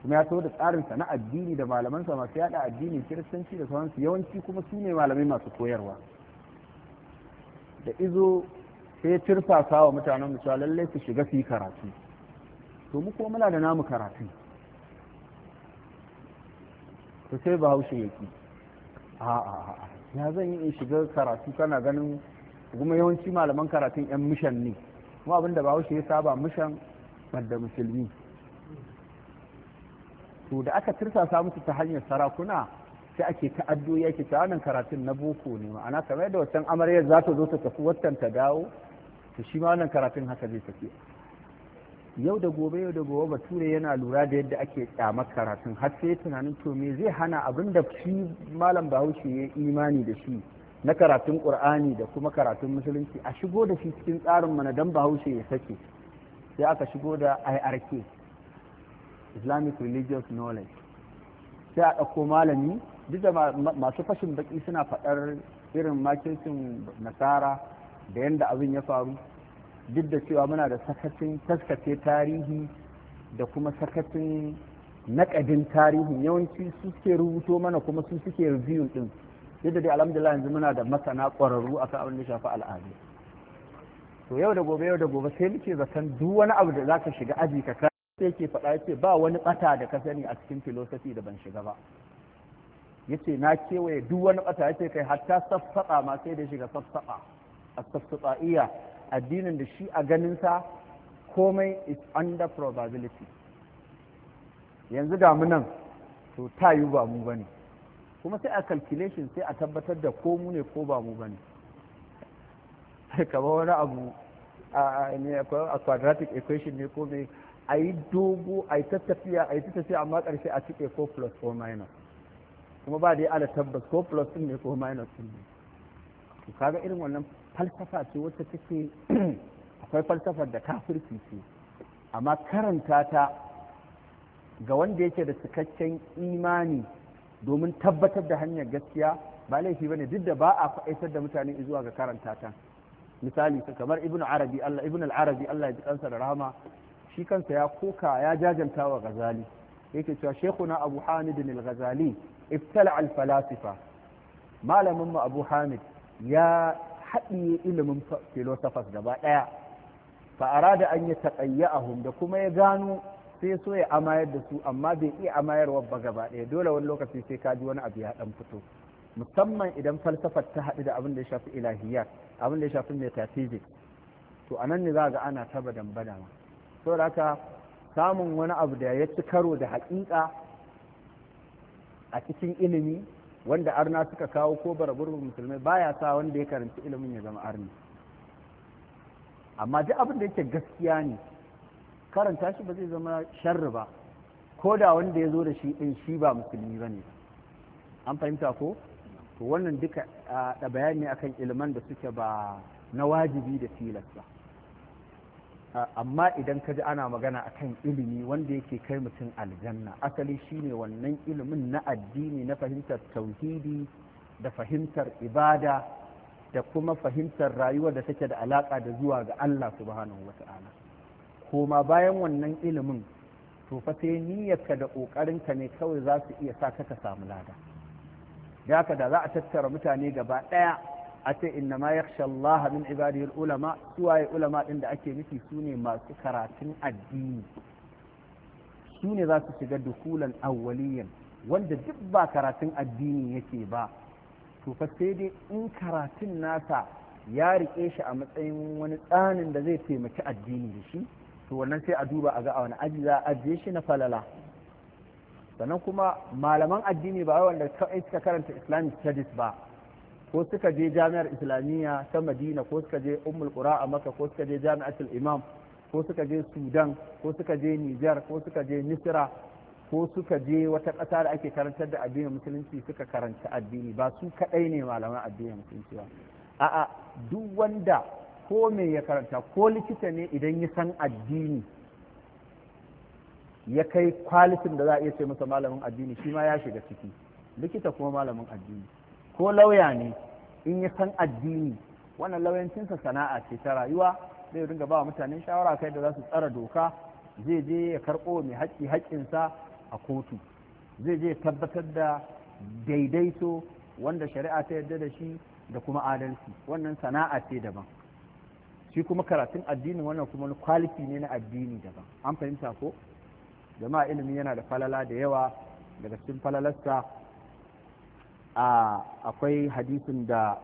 kuma ya so da tsarinsa na addini da malamansa masu yada addinin kiristanci da sauransu yawanci kuma su ne malamai masu koyarwa da izo sai tirfasa wa mutanen mu cewa lallai su shiga su yi karatu to mu ko muna da namu karatu to sai bahaushe yake a'a ya zan yi in shiga karatu kana ganin kuma yawanci malaman karatun yan mishan ne kuma abinda bahaushe ya saba mishan da musulmi to da aka tirsasa musu ta hanyar sarakuna sai ake ta'addu yake ta wannan karatun na boko ne ma'ana kamar yadda wancan amaryar za ta zo ta tafi watan ta dawo to shi ma wannan karatun haka zai tafi yau da gobe yau da gobe bature yana lura da yadda ake kyamar karatun har sai tunanin to me zai hana abin da shi malam bahaushe ya imani da shi na karatun qur'ani da kuma karatun musulunci a shigo da shi cikin tsarin mana dan bahaushe ya sake sai aka shigo da irk islamic religious knowledge sai a ɗauko malami duk da masu fashin baki suna faɗar irin makircin nasara da yadda abin ya faru duk da cewa muna da sakacin taskace tarihi da kuma sakacin naƙadin tarihi yawanci su suke rubuto mana kuma su suke review ɗin yadda dai alhamdulillah yanzu muna da masana ƙwararru akan abin da shafi al'adu to yau da gobe yau da gobe sai muke zaton duk wani abu da zaka shiga aji ka sai ke faɗa ya ce ba wani ɓata da ka sani a cikin filosofi da ban shiga ba ya ce na kewaye duk wani ɓata ya ce kai hatta safsaɓa ma sai da shiga safsaɓa a safsaɓa iya addinin da shi a ganinsa komai is under probability yanzu ga munan nan to ta yi ba mu bane kuma sai a calculation sai a tabbatar da ko mu ne ko ba mu bane kamar wani abu a quadratic equation ne ko mai a yi dogo a yi tattafiya a yi tattafiya amma ƙarshe a cike ko plus ko minus kuma ba dai ala tabbas ko plus ɗin ne ko minus ɗin ne to kaga irin wannan falsafa ce wacce take akwai falsafar da kafirci ce amma karanta ta ga wanda yake da cikakken imani domin tabbatar da hanyar gaskiya ba laifi bane duk da ba a faɗaitar da mutane zuwa ga karanta ta misali kamar ibn arabi Allah ibn al-arabi Allah ya ji kansa da rahama shi kansa ya koka ya jajanta wa gazali yake cewa shekuna abu hamid al gazali ibtala al-falasifa malamin mu abu hamid ya haɗiye ilimin filosofas gaba ɗaya fa arada an ya a da kuma ya gano sai so ya amayar da su amma bai iya amayarwa ba gaba ɗaya dole wani lokaci sai ka ji wani abu ya ɗan fito musamman idan falsafar ta haɗu da abin da ya shafi ilahiyar abin da ya shafi metaphysics to a nan ne za ga ana taba badan ba. saboda haka samun wani abu da ya ci karo da haƙiƙa a cikin ilimi wanda arna suka kawo ko baraburbin musulmai baya sa wanda ya karanci ilimin ya zama arni amma duk abin da yake gaskiya ne karanta shi ba zai zama sharri ba ko da wanda ya zo da shi din shi ba musulmi ba ne an fahimta ko to wannan duka da bayani akan iliman da suke ba na wajibi da tilas ba amma idan ka ji ana magana akan ilimi wanda yake kai mutum aljanna asali shine wannan ilimin na addini na fahimtar tauhidi da fahimtar ibada da kuma fahimtar rayuwa da take da alaka da zuwa ga Allah subhanahu wata'ala koma bayan wannan ilimin to fa sai niyyarka da ƙoƙarinka ne kawai za su iya sa ka samu lada da haka da za a tattara mutane gaba ɗaya a ce inna ma yakhsha Allah min ibadihi ulama suwaye ulama din da ake nufi ne masu karatun addini sune za su shiga dukulan awwaliyan wanda duk ba karatun addini yake ba to fa sai dai in karatun nasa ya riƙe shi a matsayin wani tsanin da zai taimaki addini da shi to wannan sai a duba a ga a wani aji za a ajiye shi na falala sannan kuma malaman addini ba wanda kawai suka karanta islamic studies ba ko suka je jami'ar islamiyya ta madina ko suka je ummul qura a maka ko suka je jami'atul imam ko suka je sudan ko suka je Niger, ko suka je misra ko suka je wata ƙasa da ake karantar da addinin musulunci suka karanci addini ba su kaɗai ne malaman addinin musulunci ba a'a duk wanda ko me ya karanta ko likita ne idan ya san addini ya kai kwalifin da za a iya ce masa malamin addini shi ma ya shiga ciki likita kuma malamin addini ko lauya ne in ya san addini wannan lauyancinsa sana'a ce ta rayuwa zai ringa ba mutane shawara kai da za su tsara doka zai je ya karɓo mai haƙƙi haƙƙinsa a kotu zai je ya tabbatar da daidaito wanda shari'a ta yarda da shi da kuma adalci wannan sana'a ce daban shi kuma karatun addini wannan kuma wani kwaliti ne na addini daban an fahimta ko jama'a ilimi yana da falala da yawa daga cikin falalarsa akwai hadisin da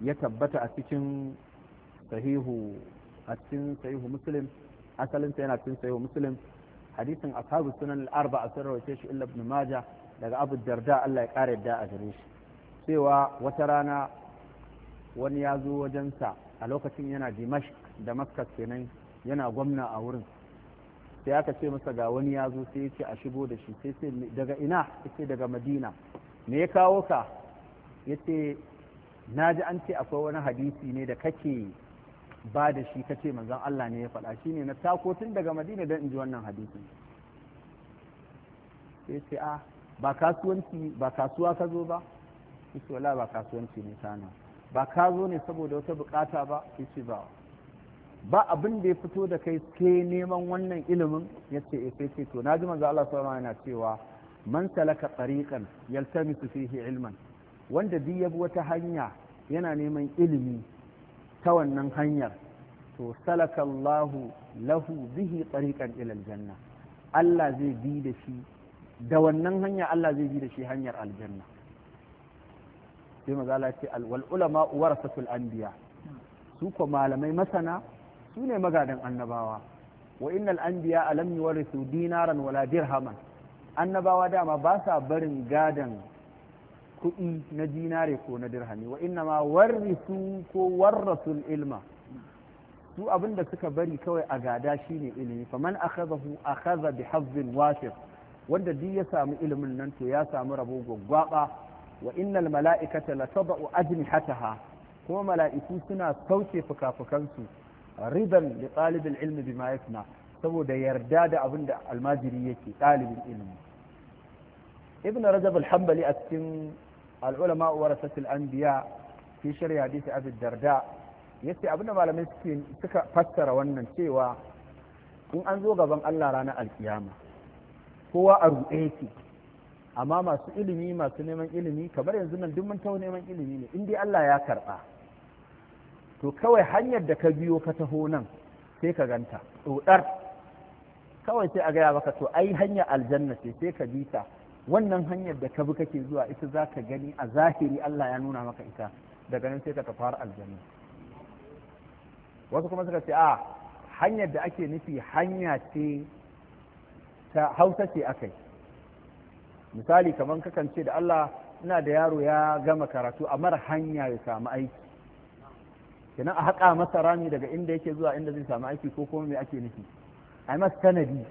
ya tabbata a cikin sahihu a cikin sahihu muslim asalinsa yana cikin sahihu muslim hadisin ashabu sunan al-arba a sun shi illa ibn majah daga abu darda Allah ya kare da a gare shi cewa wata rana wani ya zo wajensa a lokacin yana dimash da maskas kenan yana gwamna a wurin sai aka ce masa ga wani ya zo sai ya ce a shigo da shi sai daga ina sai daga madina me ya kawo ka ya ce na ji an ce akwai wani hadisi ne da kake ba da shi kace manzon Allah ne ya faɗa shi ne na tako tun daga madina don in ji wannan hadisi sai ce a ah, ba kasuwanci ba kasuwa ka zo ba ce wala ba kasuwanci ne sana ba ka zo ne saboda wata bukata ba ce ba ba abin da ya fito da kai sai neman wannan ilimin ce ya eh, sai ce to naji manzo Allah sallallahu alaihi wasallam yana cewa man salaka tariqan yaltamisu fihi ilman wanda duk yabi wata hanya yana neman ilimi ta wannan hanyar to salaka Allahu lahu bihi tariqan ila aljanna Allah zai bi da shi da wannan hanya Allah zai bi da shi hanyar aljanna sai mazala ce wal ulama warasatul anbiya su ko malamai masana su ne magadan annabawa wa innal anbiya alam yuwarisu dinaran wala dirhaman annabawa dama ba sa barin gadon kuɗi na dinare ko na dirhami wa inna ma warrisu ko warrasul ilma su abin da suka bari kawai a gada shine ilimi faman akhadahu akhadha bi hazzin wafir wanda duk ya samu ilimin nan to ya samu rabo gwaggwaba wa innal mala'ikata la tad'u ajnihataha kuma mala'iku suna sauke fukafukansu ridan li talibil ilmi bima yasna saboda yarda da abin da almajiri yake ɗalibin ilimi ibn rajab al a cikin al'ulama warasatul anbiya fi shari'a hadisi abi darda abin abinda malamai suke suka fassara wannan cewa in an zo gaban Allah rana alkiyama kowa a ruɗe yake amma masu ilimi masu neman ilimi kamar yanzu nan duk mun taho neman ilimi ne in dai Allah ya karɓa to kawai hanyar da ka biyo ka taho nan sai ka ganta ɗoɗar kawai sai a gaya baka to ai hanyar aljanna ce sai ka bi ta wannan hanyar da ka bi kake zuwa ita za ka gani a zahiri Allah ya nuna maka ita daga nan sai ka tafi har aljanna wasu kuma suka ce a hanyar da ake nufi hanya ce ta hausa ce akai misali kamar kakan ce da Allah ina da yaro ya gama karatu a mara hanya ya samu aiki kenan a haƙa masa rami daga inda yake zuwa inda zai samu aiki ko kuma me ake nufi ai masa sanadi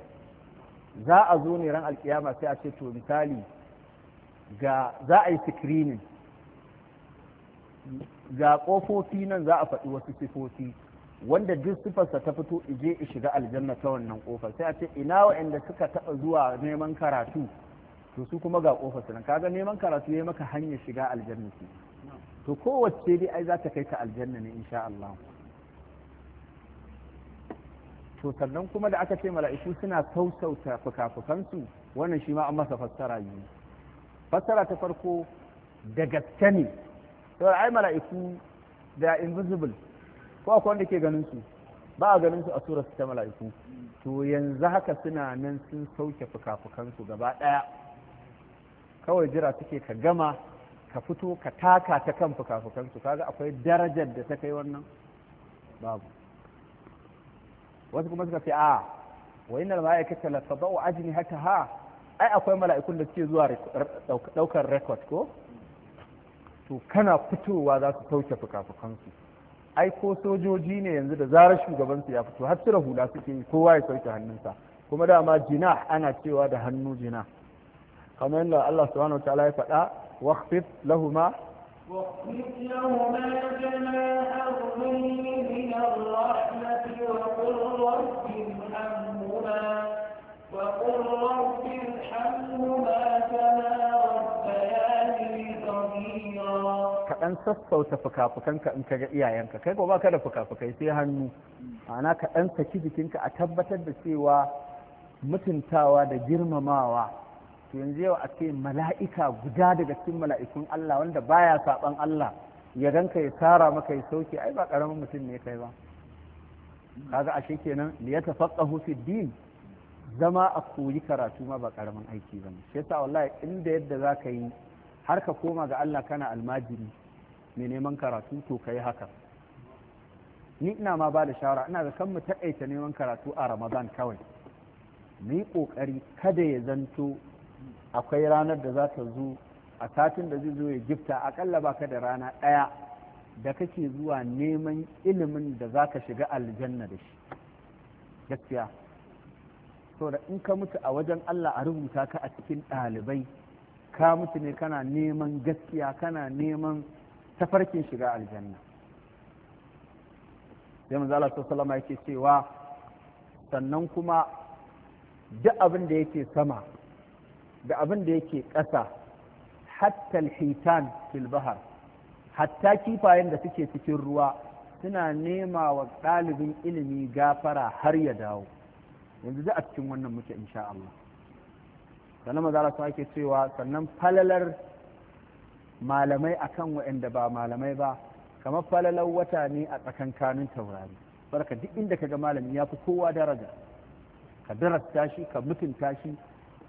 za a zo ne ran alkiyama sai a ce to misali ga za a yi screening ga ƙofofi nan za a faɗi wasu sifofi wanda duk sifarsa ta fito ije i shiga aljanna ta wannan ƙofar sai a ce ina wa'anda suka taɓa zuwa neman karatu to su kuma ga ƙofarsa nan kaga neman karatu ya maka hanyar shiga aljanna to kowace dai ai za ta kai ta aljanna ne insha Allah to sannan kuma da aka ce mala'iku suna sausauta fukafukansu wannan shi ma an masa fassara yi. fassara ta farko da gaske ne to ai mala'iku da invisible ko akwai wanda ke ganin su ba a ganin su a surar ta mala'iku to yanzu haka suna nan sun sauke fukafukansu gaba ɗaya kawai jira suke ka gama ka fito ka taka ta kan fukafukansu kaga akwai darajar da ta kai wannan babu wasu kuma suka ce a wa innal mala'ikata la tadau ha ai akwai mala'ikun da suke zuwa daukar record ko to kana fitowa za su sauke fukafukansu ai ko sojoji ne yanzu da zarar shugabansu ya fito har tura hula suke yi kowa ya sauke hannunsa kuma dama jina ana cewa da hannu jina kamar yadda Allah subhanahu wa ta'ala ya faɗa wakfit lahuma واخفض sassauta fukafukanka in ka ga iyayenka kai ba ka da fukafukai sai hannu ana kaɗan saki jikinka a tabbatar da cewa mutuntawa da girmamawa to yanzu yau a ce mala'ika guda daga cikin mala'ikun Allah wanda baya saban Allah ya ka ya tara maka ya sauke ai ba karamin mutum ne kai ba kaga ashe kenan li yatafaqahu fi din zama a koyi karatu ma ba karamin aiki bane shi yasa wallahi inda yadda zaka yi har ka koma ga Allah kana almajiri mai neman karatu to kai haka ni ina ma ba da shawara ina ga kan mu taƙaita neman karatu a Ramadan kawai ni ƙoƙari kada ya zanto akwai ranar da za ta zo a satin da zai zo ya gifta akalla baka da rana ɗaya da kake zuwa neman ilimin da za ka shiga aljanna da shi gaskiya da in ka mutu a wajen Allah a rubuta ka a cikin ɗalibai ka mutu ne kana neman gaskiya kana neman tafarkin shiga aljanna sai manzo Allah sallallahu yake cewa sannan kuma duk abin da yake sama da abin da yake ƙasa hatta hitan fil bahar hatta kifayen da suke cikin ruwa suna nema wa ɗalibin ilimi gafara har ya dawo yanzu za a cikin wannan muke insha Allah sannan maza su ake cewa sannan falalar malamai akan waɗanda ba malamai ba kamar falalar wata ne a kanun taurari barka duk inda ka ga malami yafi kowa daraja ka darasta shi ka mutunta shi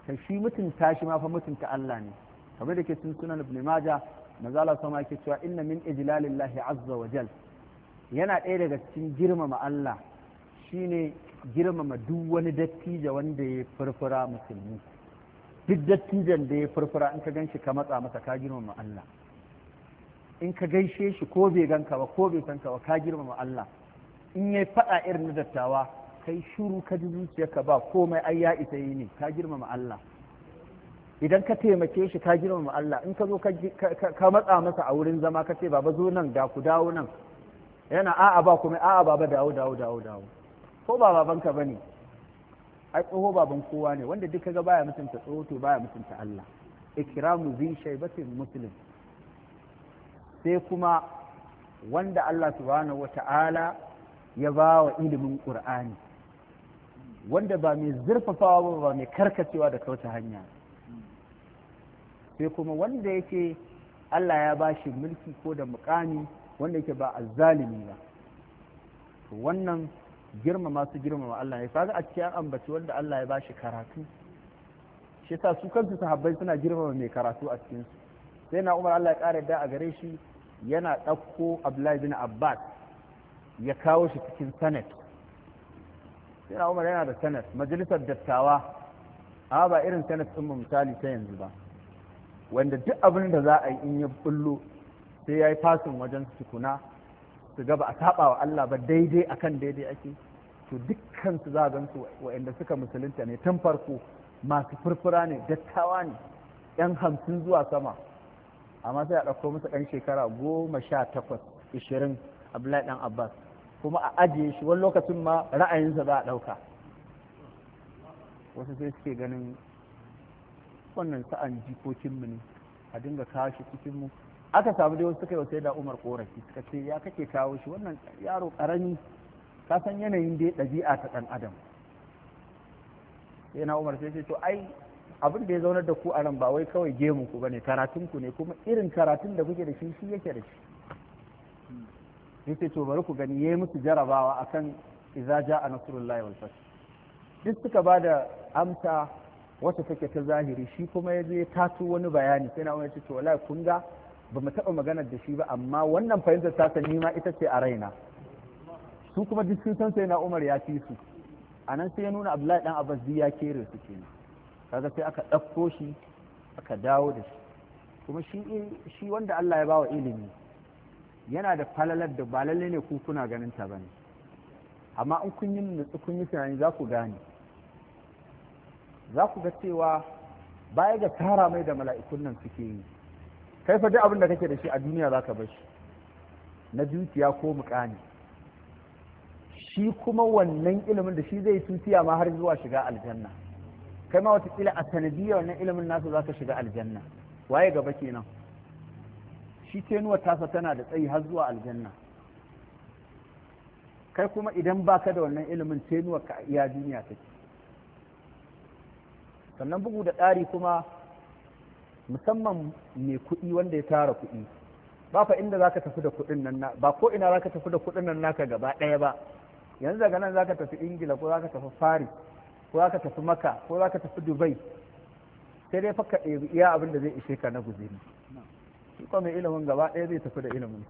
kai shi mutunta shi ma fa mutunta Allah ne kamar da ke cikin sunan ibn majah manzo Allah sama yake cewa inna min ijlalillahi azza wa jal yana ɗaya daga cikin girmama Allah shine girmama duk wani dattijo wanda ya furfura musulmi duk dattijan da ya furfura in ka ganshi ka matsa masa ka girmama Allah in ka gaishe shi ko bai ganka ba ko bai san ka ba ka girmama Allah in yayi faɗa irin na dattawa kai shuru ka ji zuciyarka ba komai ai ya isa yi ne ka girmama Allah idan ka taimake shi ka girmama Allah in ka zo ka matsa masa a wurin zama ka ce baba zo nan da ku dawo nan yana a'a ba kuma a'a baba dawo dawo dawo dawo ko ba babanka bane ai tsoho baban kowa ne wanda duk ga baya mutunta tsoho to baya mutunta Allah ikramu zin shaybatin muslim sai kuma wanda Allah subhanahu wata'ala ya ba wa ilimin Qur'ani wanda ba mai zurfafawa ba ba mai karkacewa da kauta hanya sai kuma wanda yake Allah ya ba shi mulki ko da mukami wanda yake ba azzalimi ba wannan girmama su girmama Allah ya kaga a cikin ambaci wanda Allah ya ba shi karatu shi sa su kansu sahabbai suna girmama mai karatu a cikin su sai na Umar Allah ya kare da a gare shi yana ɗauko Abdullahi bin Abbas ya kawo shi cikin Senate sai na umar yana da sanat majalisar dattawa a ba irin sanat sun ba misali ta yanzu ba wanda duk abin da za a yi in ya bullo sai ya yi fasin wajen tukuna su gaba a saba wa Allah ba daidai akan daidai ake to dukkan su za a gansu waɗanda suka musulunta ne tun farko masu furfura ne dattawa ne yan hamsin zuwa sama amma sai a ɗauko musu ɗan shekara goma sha takwas ishirin abdullahi ɗan abbas kuma a ajiye shi wani lokacin ma ra'ayinsa za a ɗauka wasu sai suke ganin wannan sa'an jikokinmu ne a dinga kawo shi mu aka samu dai wasu suka yau sai da umar korafi suka ce ya kake kawo shi wannan yaro karami ka san yanayin dai ɗabi'a ta ɗan adam sai umar sai ce to ai abin da ya zaunar da ku a ran ba wai kawai gemu ku ba karatun ku ne kuma irin karatun da kuke da shi shi yake da shi yace to bari ku gani yayi musu jarabawa akan idza jaa nasrullahi wal fath duk suka bada amsa wata take ta zahiri shi kuma ya je wani bayani sai na wani ce to wallahi kun ga ba mu taɓa maganar da shi ba amma wannan fahimtar ta sani ma ita ce a raina su kuma duk sun san sai na Umar ya fi su a sai ya nuna Abdullahi dan Abbas ya kere su kenan kaga sai aka ɗauko shi aka dawo da shi kuma shi wanda Allah ya bawa ilimi yana da falalar da ba lalle ne ku kuna ganin ta bane amma in kun yi nutsu kun yi tunani za ku gane za ku ga cewa baya ga tara mai da mala'ikun nan suke yi kai fa duk abin da kake da shi a duniya za ka bar shi na zuciya ko muƙani shi kuma wannan ilimin da shi zai tutiya ma har zuwa shiga aljanna kai ma watakila a sanadiyar wannan ilimin nasu za ka shiga aljanna waye gaba kenan shi nuwa tasa tana da tsayi har zuwa aljanna kai kuma idan baka da wannan ilimin nuwa ka iya duniya take sannan bugu da ɗari kuma musamman mai kuɗi wanda ya tara kuɗi ba fa inda zaka tafi da kuɗin nan na, ba ko ina zaka tafi da kuɗin nan naka gaba ɗaya ba yanzu daga nan zaka tafi ingila ko zaka tafi fari ko zaka tafi maka ko zaka tafi dubai sai dai fakka ɗaya iya abin da zai ishe ka na guziri shi kuma ilimin gaba ɗaya zai tafi da ilimin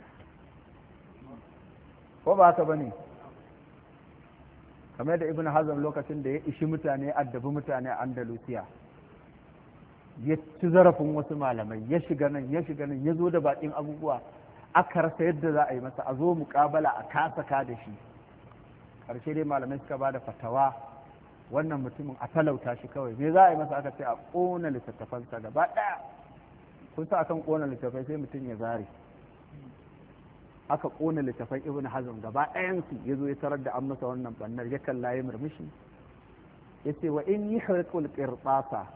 ko ba haka bane kamar da ibn hazm lokacin da ya ishi mutane addabi mutane a andalusiya ya ci zarafin wasu malamai ya shiga nan ya shiga nan ya zo da bakin abubuwa aka rasa yadda za a yi masa a zo muƙabala a kasa ka da shi ƙarshe dai malamai suka ba da fatawa wannan mutumin a talauta shi kawai me za a yi masa aka ce a ƙona littattafansa gaba ɗaya kun sa akan kona littafai sai mutum ya zare aka kona littafan ibn hazm gaba ɗayan su yazo ya tarar da an masa wannan bannar ya kalla ya murmushi yace wa in yi hurikul ƙirɓasa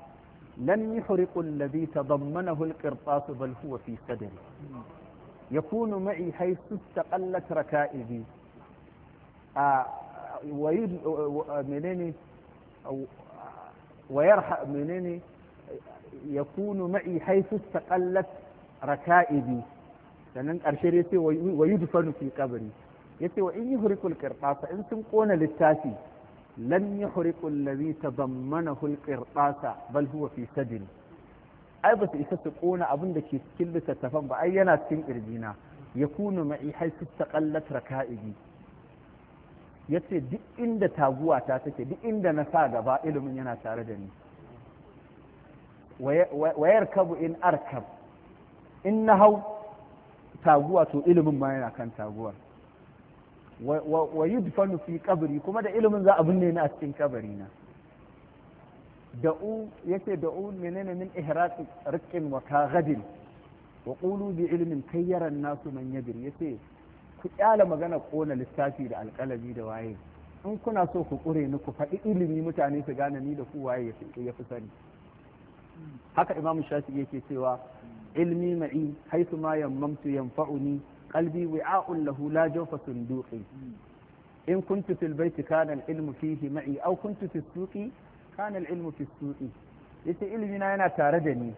lan yi hurikul ladhi tadammana hul ƙirɓasu bal huwa fi sadri yakunu ma'i haythu taqallat raka'ibi a menene ويرحل منين yakunu ma'i haythu taqallat raka'ibi sannan ƙarshe ya ce wa dufanu fi qabri yace wa in yuhrikul qirtasa in sun kona littafi lam yuhrikul ladhi tadammanahu al qirtasa bal huwa fi sadin. ai ba su isa su kona abin da ke cikin littattafan ba ai yana cikin kirjina yakunu ma'i haythu taqallat raka'ibi yace duk inda taguwa ta take duk inda na sa gaba ilimin yana tare da ni wayar kabu in arkab in na hau taguwa to ilimin ma yana kan taguwar wa yudfanu fi kabari kuma da ilimin za a binne ni a cikin kabari na da'u yace da'u menene min ihraqi riqqin wa kaghadin wa qulu bi ilmin kayyara an-nasu man yadir yace ku kyala magana kona littafi da alƙalami da waye in kuna so ku ƙure ni ku faɗi ilimi mutane su gane ni da ku waye ya fi sani haka imamu shafi yake cewa ilmi ma'i haythu ma yammamtu yanfa'uni qalbi wi'a'un lahu la jawfa sunduqi in kuntu fil baiti kana al-ilmu fihi ma'i aw kuntu fis suqi kana al-ilmu fis suqi yace ilmi na yana tare da ni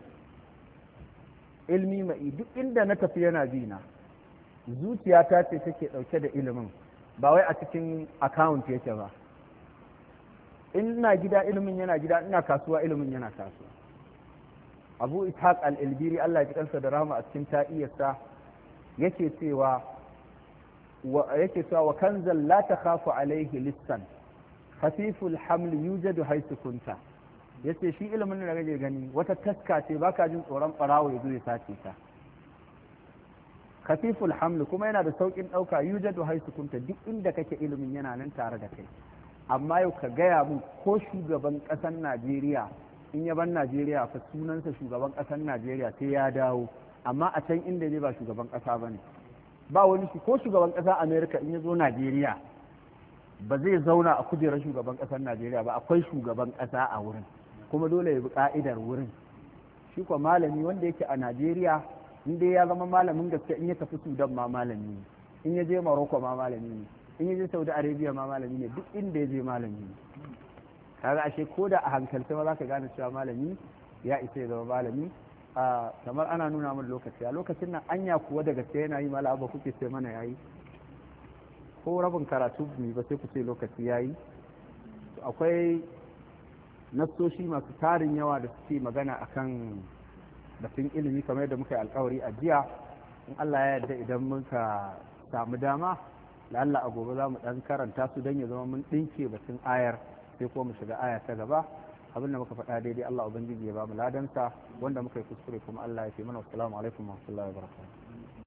ilmi ma'i duk inda na tafi yana zuciya zuciyata ce take dauke da ilimin ba wai a cikin account yake ba ina gida ilimin yana gida ina kasuwa ilimin yana kasuwa abu ishaq al-ilbiri Allah ya kansa da rahama a cikin ta'iyarsa yake cewa wa yake cewa wa kanzal la takhafu alayhi lissan khafiful haml yujadu haythu kunta yace shi ilimin da kake gani wata taska ce baka jin tsoron barawo yazo ya sace ta khafiful haml kuma yana da saukin dauka yujadu haythu kunta duk inda kake ilimin yana nan tare da kai amma yau ka gaya mun ko shugaban ƙasan Najeriya in ya ban najeriya fa sunansa shugaban ƙasar najeriya sai ya dawo amma a can inda ne ba shugaban ƙasa ba ne ba wani shi ko shugaban ƙasa amerika in ya zo najeriya ba zai zauna a kujerar shugaban ƙasar najeriya ba akwai shugaban ƙasa a wurin kuma dole ya bi ƙa'idar wurin shi kuwa malami wanda yake a najeriya in dai ya zama malamin gaske in ya tafi sudan ma malami ne in ya je maroko ma malami ne in ya je saudi arabia ma malami ne duk inda ya je malami ne kaga ashe ko da a hankalce ma za ka gane cewa malami ya isa ya zama malami kamar ana nuna min lokaci a lokacin nan anya kuwa daga sai yana yi mala ba kuke sai mana yayi ko rabin karatu ne ba sai ku ce lokaci yayi akwai nassoshi masu tarin yawa da suke magana akan batun ilimi kamar yadda muka yi alkawari a jiya in Allah ya yarda idan muka samu dama lalla a gobe za mu dan karanta su don ya zama mun ɗinke batun ayar sai ko mu shiga aya ta gaba abin da muka faɗa daidai Allah ubangiji ya ba mu ladanta wanda muka yi kuskure kuma Allah ya fi mana assalamu alaikum wa rahmatullahi wa barakatuh